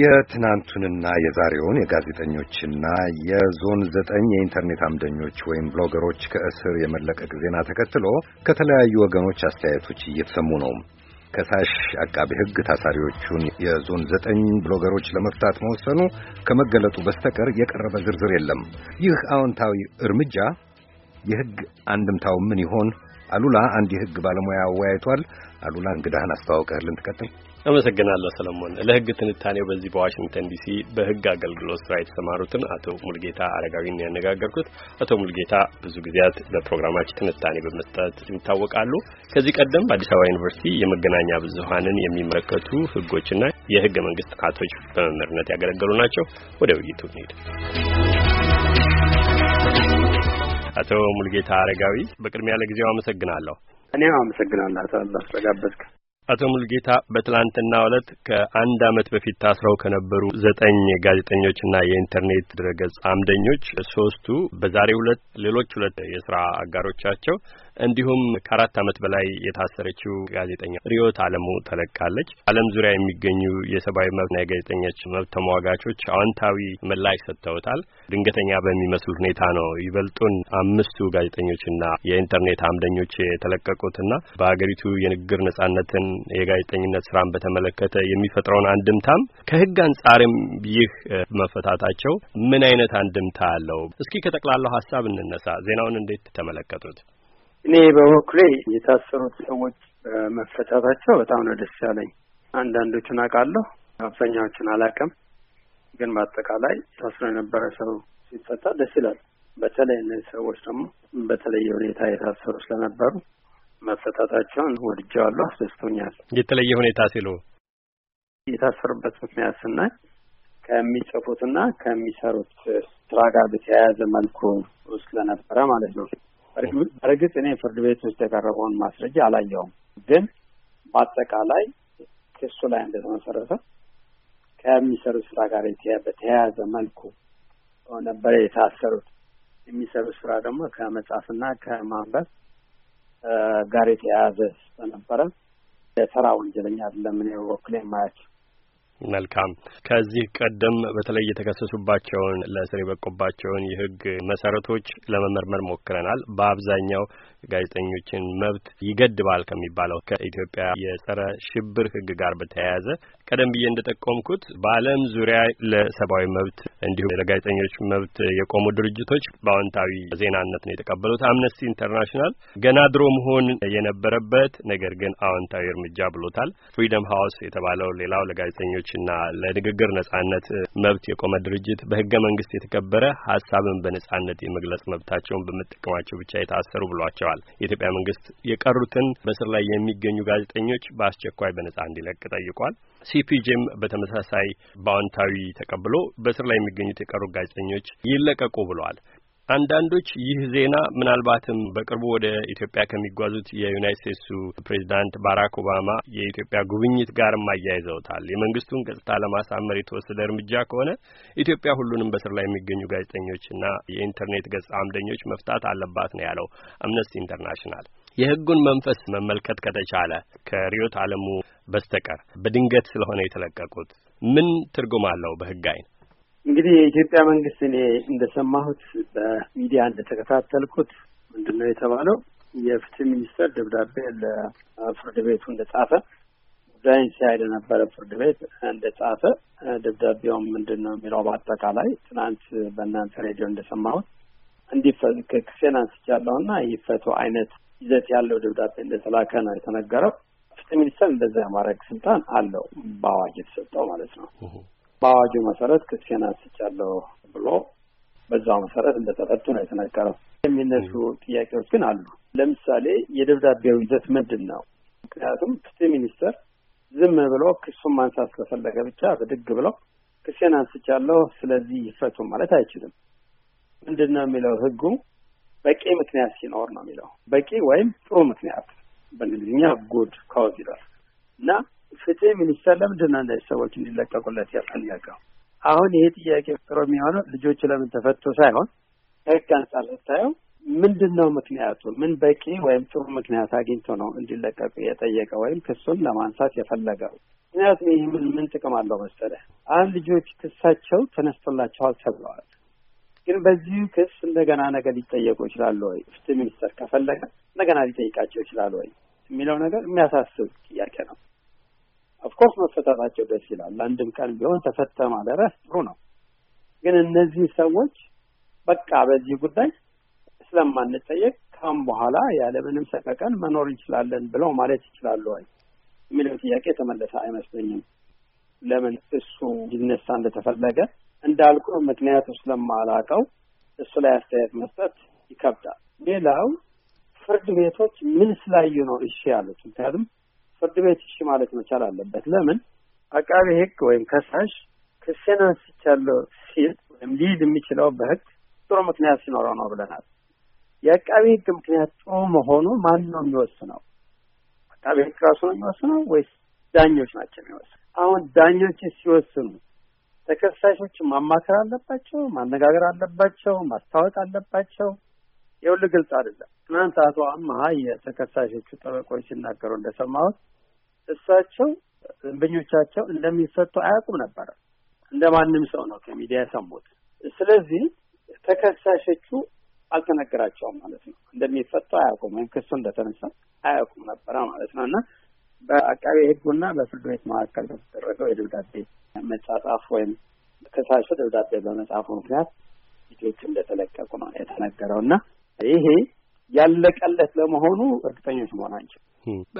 የትናንቱንና የዛሬውን የጋዜጠኞችና የዞን ዘጠኝ የኢንተርኔት አምደኞች ወይም ብሎገሮች ከእስር የመለቀቅ ዜና ተከትሎ ከተለያዩ ወገኖች አስተያየቶች እየተሰሙ ነው። ከሳሽ አቃቢ ሕግ ታሳሪዎቹን የዞን ዘጠኝ ብሎገሮች ለመፍታት መወሰኑ ከመገለጡ በስተቀር የቀረበ ዝርዝር የለም። ይህ አዎንታዊ እርምጃ የሕግ አንድምታው ምን ይሆን? አሉላ አንድ የሕግ ባለሙያ አወያይቷል። አሉላ እንግዳህን አስተዋውቀህልን ትቀጥል። አመሰግናለሁ ሰለሞን። ለህግ ትንታኔው በዚህ በዋሽንግተን ዲሲ በህግ አገልግሎት ስራ የተሰማሩትን አቶ ሙልጌታ አረጋዊን ያነጋገርኩት። አቶ ሙልጌታ ብዙ ጊዜያት በፕሮግራማችን ትንታኔ በመስጠት ይታወቃሉ። ከዚህ ቀደም በአዲስ አበባ ዩኒቨርሲቲ የመገናኛ ብዙሃንን የሚመለከቱ ህጎችና የሕገ መንግስት ጥናቶች በመምህርነት ያገለገሉ ናቸው። ወደ ውይይቱ እንሂድ። አቶ ሙልጌታ አረጋዊ በቅድሚያ ለጊዜው አመሰግናለሁ። እኔም አመሰግናለሁ አቶ አላስረጋበዝከ አቶ ሙልጌታ በትላንትና ዕለት ከአንድ ዓመት በፊት ታስረው ከነበሩ ዘጠኝ ጋዜጠኞችና የኢንተርኔት ድረገጽ አምደኞች ሶስቱ በዛሬ ሁለት ሌሎች ሁለት የስራ አጋሮቻቸው እንዲሁም ከአራት ዓመት በላይ የታሰረችው ጋዜጠኛ ሪዮት አለሙ ተለቃለች። ዓለም ዙሪያ የሚገኙ የሰብአዊ መብትና የጋዜጠኞች መብት ተሟጋቾች አዎንታዊ ምላሽ ሰጥተውታል። ድንገተኛ በሚመስል ሁኔታ ነው ይበልጡን አምስቱ ጋዜጠኞችና የኢንተርኔት አምደኞች የተለቀቁትና በሀገሪቱ የንግግር ነጻነትን የጋዜጠኝነት ስራን በተመለከተ የሚፈጥረውን አንድምታም ከህግ አንጻርም ይህ መፈታታቸው ምን አይነት አንድምታ አለው? እስኪ ከጠቅላላው ሀሳብ እንነሳ። ዜናውን እንዴት ተመለከቱት? እኔ በበኩሌ የታሰሩት ሰዎች መፈታታቸው በጣም ነው ደስ ያለኝ። አንዳንዶቹን አውቃለሁ፣ አብዛኛዎቹን አላውቅም። ግን በአጠቃላይ ታስሮ የነበረ ሰው ሲፈታ ደስ ይላል። በተለይ እነዚህ ሰዎች ደግሞ በተለየ ሁኔታ የታሰሩ ስለነበሩ መፈታታቸውን ወድጀዋለሁ፣ አስደስቶኛል። የተለየ ሁኔታ ሲሉ የታሰሩበት ምክንያት ስናይ ከሚጽፉትና ከሚሰሩት ስራ ጋር በተያያዘ መልኩ ስለነበረ ማለት ነው። በእርግጥ እኔ ፍርድ ቤት ውስጥ የቀረበውን ማስረጃ አላየውም፣ ግን በአጠቃላይ ክሱ ላይ እንደተመሰረተ ከሚሰሩ ስራ ጋር በተያያዘ መልኩ ነበረ የታሰሩት። የሚሰሩ ስራ ደግሞ ከመጻፍና ከማንበብ ጋር የተያያዘ ስለነበረ የሰራ ወንጀለኛ አይደለም እኔ ወክሌ ማያቸው መልካም ከዚህ ቀደም በተለይ የተከሰሱባቸውን ለእስር የበቁባቸውን የህግ መሰረቶች ለመመርመር ሞክረናል። በአብዛኛው ጋዜጠኞችን መብት ይገድባል ከሚባለው ከኢትዮጵያ የጸረ ሽብር ህግ ጋር በተያያዘ ቀደም ብዬ እንደጠቆምኩት በዓለም ዙሪያ ለሰብአዊ መብት እንዲሁም ለጋዜጠኞች መብት የቆሙ ድርጅቶች በአዎንታዊ ዜናነት ነው የተቀበሉት። አምነስቲ ኢንተርናሽናል ገና ድሮ መሆን የነበረበት ነገር ግን አዎንታዊ እርምጃ ብሎታል። ፍሪደም ሀውስ የተባለው ሌላው ለጋዜጠኞች መብቶችና ለንግግር ነጻነት መብት የቆመ ድርጅት በህገ መንግስት የተከበረ ሀሳብን በነጻነት የመግለጽ መብታቸውን በመጠቀማቸው ብቻ የታሰሩ ብሏቸዋል። የኢትዮጵያ መንግስት የቀሩትን በስር ላይ የሚገኙ ጋዜጠኞች በአስቸኳይ በነጻ እንዲለቅ ጠይቋል። ሲፒጄም በተመሳሳይ በአዎንታዊ ተቀብሎ በስር ላይ የሚገኙት የቀሩት ጋዜጠኞች ይለቀቁ ብሏል። አንዳንዶች ይህ ዜና ምናልባትም በቅርቡ ወደ ኢትዮጵያ ከሚጓዙት የዩናይት ስቴትሱ ፕሬዚዳንት ባራክ ኦባማ የኢትዮጵያ ጉብኝት ጋርም አያይዘውታል። የመንግስቱን ገጽታ ለማሳመር የተወሰደ እርምጃ ከሆነ ኢትዮጵያ ሁሉንም በስር ላይ የሚገኙ ጋዜጠኞችና የኢንተርኔት ገጽ አምደኞች መፍታት አለባት ነው ያለው አምነስቲ ኢንተርናሽናል። የህጉን መንፈስ መመልከት ከተቻለ ከሪዮት አለሙ በስተቀር በድንገት ስለሆነ የተለቀቁት ምን ትርጉም አለው በህግ አይን? እንግዲህ የኢትዮጵያ መንግስት እኔ እንደሰማሁት በሚዲያ እንደተከታተልኩት ምንድን ነው የተባለው የፍትህ ሚኒስቴር ደብዳቤ ለፍርድ ቤቱ እንደጻፈ ጉዳይን ሲያይ ነበረ ፍርድ ቤት እንደጻፈ ደብዳቤውም ምንድን ነው የሚለው በአጠቃላይ ትናንት በእናንተ ሬዲዮ እንደሰማሁት እንዲከሴን አንስቻለሁ እና ይፈቱ አይነት ይዘት ያለው ደብዳቤ እንደተላከ ነው የተነገረው። ፍትህ ሚኒስቴር እንደዚያ ማድረግ ስልጣን አለው በአዋጅ የተሰጠው ማለት ነው። በአዋጁ መሰረት ክስኬን አንስቻለሁ ብሎ በዛው መሰረት እንደተረቱ ነው የተነገረው። የሚነሱ ጥያቄዎች ግን አሉ። ለምሳሌ የደብዳቤው ይዘት ምንድን ነው? ምክንያቱም ፍትህ ሚኒስቴር ዝም ብሎ ክሱን ማንሳት ስለፈለገ ብቻ ብድግ ብሎ ክሴን አንስቻለሁ ስለዚህ ይፈቱ ማለት አይችልም። ምንድን ነው የሚለው ህጉ በቂ ምክንያት ሲኖር ነው የሚለው። በቂ ወይም ጥሩ ምክንያት በእንግሊዝኛ ጉድ ካውዝ ይላል። ሚኒስተር ለምንድን ነው እንደዚህ ሰዎች እንዲለቀቁለት ያልፈለገው? አሁን ይሄ ጥያቄ ፍሮ የሚሆነው ልጆቹ ለምን ተፈቶ ሳይሆን ህግ አንጻር ስታየው ምንድን ነው ምክንያቱ? ምን በቂ ወይም ጥሩ ምክንያት አግኝቶ ነው እንዲለቀቁ የጠየቀ ወይም ክሱን ለማንሳት የፈለገው? ምክንያቱም ይህ ምን ምን ጥቅም አለው መሰለ አሁን ልጆች ክሳቸው ተነስቶላቸዋል ተብለዋል። ግን በዚሁ ክስ እንደገና ነገ ሊጠየቁ ይችላሉ ወይ? ፍትህ ሚኒስተር ከፈለገ እንደገና ሊጠይቃቸው ይችላሉ ወይ የሚለው ነገር የሚያሳስብ ጥያቄ ነው። ኦፍኮርስ መፈታታቸው ደስ ይላል። ለአንድም ቀን ቢሆን ተፈተማ ደረስ ጥሩ ነው። ግን እነዚህ ሰዎች በቃ በዚህ ጉዳይ ስለማንጠየቅ ካም በኋላ ያለምንም ሰቀቀን መኖር እንችላለን ብለው ማለት ይችላሉ ወይ የሚለው ጥያቄ የተመለሰ አይመስለኝም። ለምን እሱ ሊነሳ እንደተፈለገ እንዳልኩ ምክንያቱ ስለማላውቀው እሱ ላይ አስተያየት መስጠት ይከብዳል። ሌላው ፍርድ ቤቶች ምን ስላዩ ነው እሺ ያሉት? ምክንያቱም ፍርድ ቤት እሺ ማለት መቻል አለበት። ለምን አቃቢ ህግ ወይም ከሳሽ ክስን አንስቻለሁ ሲል ወይም ሊድ የሚችለው በህግ ጥሩ ምክንያት ሲኖረው ነው ብለናል። የአቃቢ ህግ ምክንያት ጥሩ መሆኑ ማን ነው የሚወስነው? አቃቤ ህግ ራሱ ነው የሚወስነው ወይስ ዳኞች ናቸው የሚወስኑ? አሁን ዳኞች ሲወስኑ ተከሳሾች ማማከር አለባቸው፣ ማነጋገር አለባቸው፣ ማስታወቅ አለባቸው። የሁሉ ግልጽ አይደለም። ትናንት አቶ አምሃ የተከሳሾቹ ጠበቆች ሲናገሩ እንደሰማሁት እሳቸው ደንበኞቻቸው እንደሚፈቱ አያውቁም ነበረ። እንደ ማንም ሰው ነው ከሚዲያ የሰሙት። ስለዚህ ተከሳሸቹ አልተነገራቸውም ማለት ነው። እንደሚፈቱ አያውቁም ወይም ክሱ እንደተነሳ አያውቁም ነበረ ማለት ነው እና በአቃቤ ሕጉና በፍርድ ቤት መካከል በተደረገው የደብዳቤ መጻጻፍ ወይም ተከሳሹ ደብዳቤ በመጻፉ ምክንያት ልጆቹ እንደተለቀቁ ነው የተነገረው እና ይሄ ያለቀለት ለመሆኑ እርግጠኞች መሆናቸው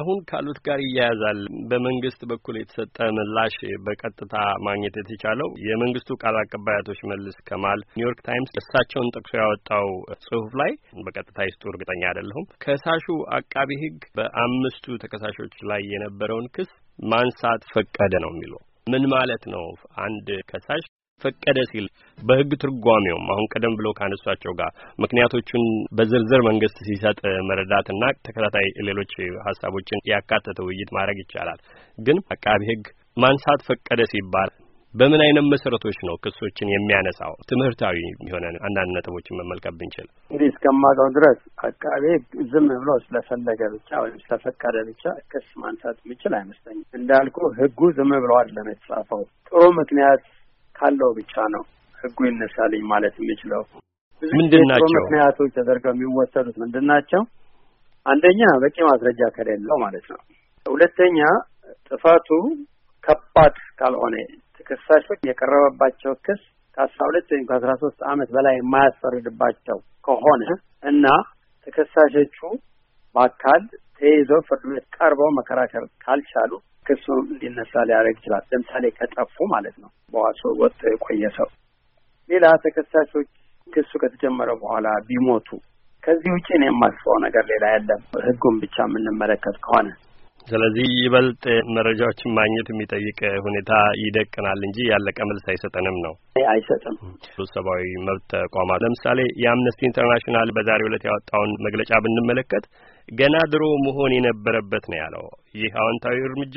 አሁን ካሉት ጋር ይያያዛል። በመንግስት በኩል የተሰጠ ምላሽ በቀጥታ ማግኘት የተቻለው የመንግስቱ ቃል አቀባይ አቶ ሽመልስ ከማል ኒውዮርክ ታይምስ እሳቸውን ጠቅሶ ያወጣው ጽሁፍ ላይ በቀጥታ ይስጡ እርግጠኛ አይደለሁም፣ ከሳሹ አቃቢ ህግ በአምስቱ ተከሳሾች ላይ የነበረውን ክስ ማንሳት ፈቀደ ነው የሚለው ምን ማለት ነው? አንድ ከሳሽ ፈቀደ ሲል በህግ ትርጓሜውም አሁን ቀደም ብሎ ካነሷቸው ጋር ምክንያቶቹን በዝርዝር መንግስት ሲሰጥ መረዳትና ተከታታይ ሌሎች ሀሳቦችን ያካተተ ውይይት ማድረግ ይቻላል። ግን አቃቢ ህግ ማንሳት ፈቀደ ሲባል በምን አይነት መሰረቶች ነው ክሶችን የሚያነሳው? ትምህርታዊ የሆነ አንዳንድ ነጥቦችን መመልከት ብንችል። እንግዲህ እስከማውቀው ድረስ አቃቤ ዝም ብሎ ስለፈለገ ብቻ ወይም ስለፈቀደ ብቻ ክስ ማንሳት የሚችል አይመስለኝም። እንዳልኩ ህጉ ዝም ብሎ አይደለም የተጻፈው። ጥሩ ምክንያት ካለው ብቻ ነው ህጉ ይነሳልኝ ማለት የሚችለው። ምንድናቸው ምክንያቶች ተደርገው የሚወሰዱት ምንድን ናቸው? አንደኛ በቂ ማስረጃ ከሌለው ማለት ነው። ሁለተኛ ጥፋቱ ከባድ ካልሆነ ተከሳሾች የቀረበባቸው ክስ ከአስራ ሁለት ወይም ከአስራ ሶስት አመት በላይ የማያስፈርድባቸው ከሆነ እና ተከሳሾቹ በአካል ተይዘው ፍርድ ቤት ቀርበው መከራከር ካልቻሉ ክሱ እንዲነሳ ሊያደርግ ይችላል። ለምሳሌ ከጠፉ ማለት ነው፣ በዋሶ ወጥቶ የቆየ ሰው። ሌላ ተከሳሾች ክሱ ከተጀመረ በኋላ ቢሞቱ፣ ከዚህ ውጭ ነው የማስበው ነገር ሌላ የለም፣ ህጉን ብቻ የምንመለከት ከሆነ ስለዚህ ይበልጥ መረጃዎችን ማግኘት የሚጠይቅ ሁኔታ ይደቅናል እንጂ ያለቀ መልስ አይሰጠንም ነው አይሰጥም። ሰብአዊ መብት ተቋማት ለምሳሌ የአምነስቲ ኢንተርናሽናል በዛሬው ዕለት ያወጣውን መግለጫ ብንመለከት ገና ድሮ መሆን የነበረበት ነው ያለው። ይህ አዎንታዊ እርምጃ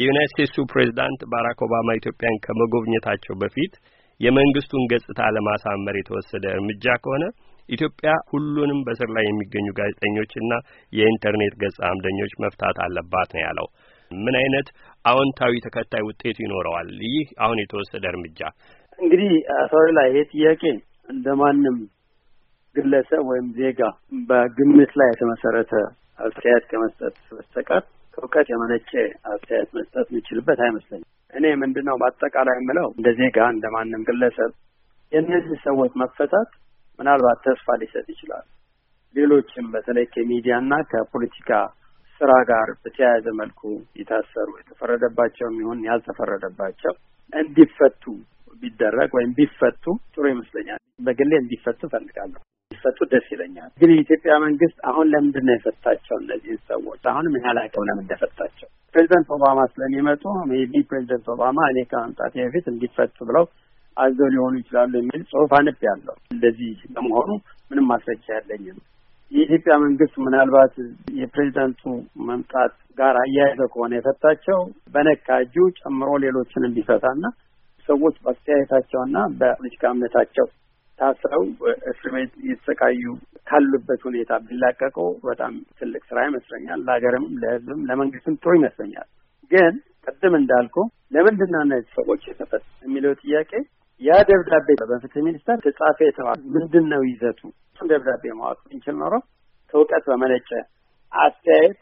የዩናይት ስቴትሱ ፕሬዚዳንት ባራክ ኦባማ ኢትዮጵያን ከመጎብኘታቸው በፊት የመንግስቱን ገጽታ ለማሳመር የተወሰደ እርምጃ ከሆነ ኢትዮጵያ ሁሉንም በስር ላይ የሚገኙ ጋዜጠኞችና የኢንተርኔት ገጽ አምደኞች መፍታት አለባት ነው ያለው። ምን አይነት አዎንታዊ ተከታይ ውጤቱ ይኖረዋል ይህ አሁን የተወሰደ እርምጃ? እንግዲህ ሰው ላይ ይሄ ጥያቄ እንደማንም ግለሰብ ወይም ዜጋ በግምት ላይ የተመሰረተ አስተያየት ከመስጠት በስተቀር ከእውቀት የመነጨ አስተያየት መስጠት የሚችልበት አይመስለኝም። እኔ ምንድነው በአጠቃላይ የምለው እንደ ዜጋ እንደ ማንም ግለሰብ የእነዚህ ሰዎች መፈታት ምናልባት ተስፋ ሊሰጥ ይችላል። ሌሎችም በተለይ ከሚዲያና ከፖለቲካ ስራ ጋር በተያያዘ መልኩ የታሰሩ የተፈረደባቸውም ይሁን ያልተፈረደባቸው እንዲፈቱ ቢደረግ ወይም ቢፈቱ ጥሩ ይመስለኛል። በግሌ እንዲፈቱ እፈልጋለሁ። ቢፈቱ ደስ ይለኛል። ግን የኢትዮጵያ መንግስት አሁን ለምንድን ነው የፈታቸው እነዚህን ሰዎች? አሁንም ያህል አቅም ለምን እንደፈታቸው ፕሬዚደንት ኦባማ ስለሚመጡ ሜቢ ፕሬዚደንት ኦባማ እኔ ከመምጣት በፊት እንዲፈቱ ብለው አዘው ሊሆኑ ይችላሉ የሚል ጽሁፍ አንብ ያለው እንደዚህ ለመሆኑ ምንም ማስረጃ ያለኝም። የኢትዮጵያ መንግስት ምናልባት የፕሬዚደንቱ መምጣት ጋር አያይዘ ከሆነ የፈታቸው በነካ እጁ ጨምሮ ሌሎችን እንዲፈታና ሰዎች በአስተያየታቸውና በፖለቲካ እምነታቸው ታስረው እስር ቤት እየተሰቃዩ ካሉበት ሁኔታ ቢላቀቁ በጣም ትልቅ ስራ ይመስለኛል። ለሀገርም፣ ለህዝብም፣ ለመንግስትም ጥሩ ይመስለኛል። ግን ቅድም እንዳልኩ ለምንድን ነው እነዚህ ሰዎች የተፈት የሚለው ጥያቄ ያ ደብዳቤ በፍትህ ሚኒስተር ተጻፈ የተባለ ምንድን ነው ይዘቱ? እሱን ደብዳቤ ማወቅ እንችል ኖሮ ከእውቀት በመነጨ አስተያየት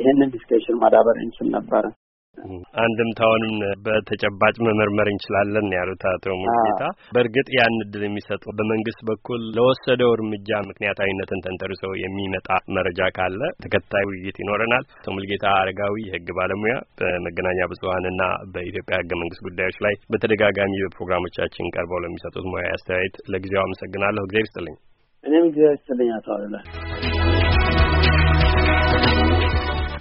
ይህንን ዲስከሽን ማዳበር እንችል ነበረ። አንድምታውንም በተጨባጭ መመርመር እንችላለን ያሉት አቶ ሙሉጌታ በእርግጥ ያን እድል የሚሰጡ በመንግስት በኩል ለወሰደው እርምጃ ምክንያታዊነትን ተንተርሶ የሚመጣ መረጃ ካለ ተከታይ ውይይት ይኖረናል። አቶ ሙሉጌታ አረጋዊ የህግ ባለሙያ በመገናኛ ብዙኃንና በኢትዮጵያ ህገ መንግስት ጉዳዮች ላይ በተደጋጋሚ በፕሮግራሞቻችን ቀርበው ለሚሰጡት ሙያዊ አስተያየት ለጊዜው አመሰግናለሁ። እግዚአብሔር ይስጥልኝ። እኔም እግዚአብሔር ይስጥልኝ አቶ አሉላ።